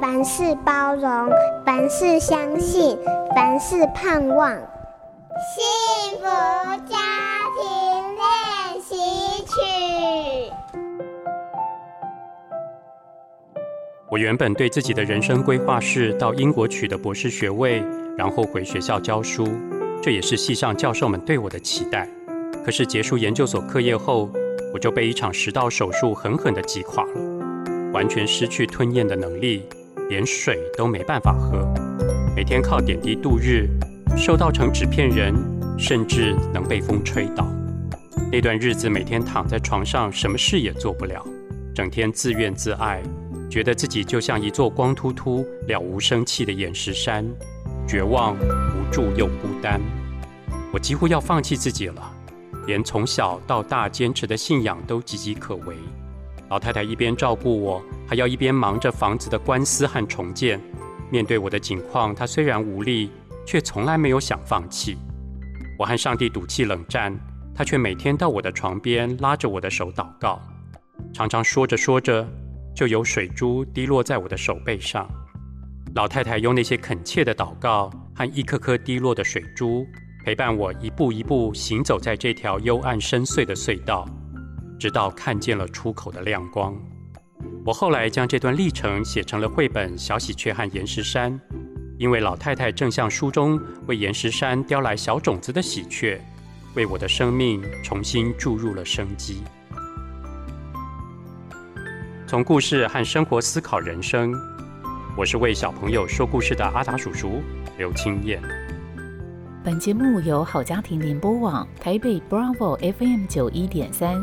凡事包容，凡事相信，凡事盼望。幸福家庭練習曲。我原本對自己的人生規劃是到英國取得博士學位，然後回學校教書，這也是系上教授們對我的期待。可是結束研究所課業後，我就被一場食道手術狠狠的擊垮了。完全失去吞嚥的能力，連水都沒辦法喝，每天靠點滴度日，瘦到成紙片人，甚至能被風吹倒。那段日子，每天躺在床上，什麼事也做不了，整天自怨自艾，覺得自己就像一座光禿禿、了無生氣的岩石山，絕望、無助又孤單。我幾乎要放棄自己了，連從小到大堅持的信仰都岌岌可危。老太太一邊照顧我，還要一邊忙着房子的官司和重建。面對我的境況，她雖然無力，卻從來沒有想放棄。我和上帝賭氣冷戰，她卻每天到我的床邊，拉着我的手禱告。常常說着說着，就有水珠滴落在我的手背上。老太太用那些懇切的禱告和一顆顆滴落的水珠，陪伴我一步一步行走在這條幽暗深邃的隧道。直到看見了出口的亮光，我後來將這段歷程寫成了繪本《小喜鵲和岩石山》，因為老太太正像書中為岩石山叼來小種子的喜鵲，為我的生命重新注入了生機。從故事和生活思考人生，我是為小朋友說故事的阿達叔叔劉清彥。本節目由好家庭聯播網台北 Bravo FM 九一點三。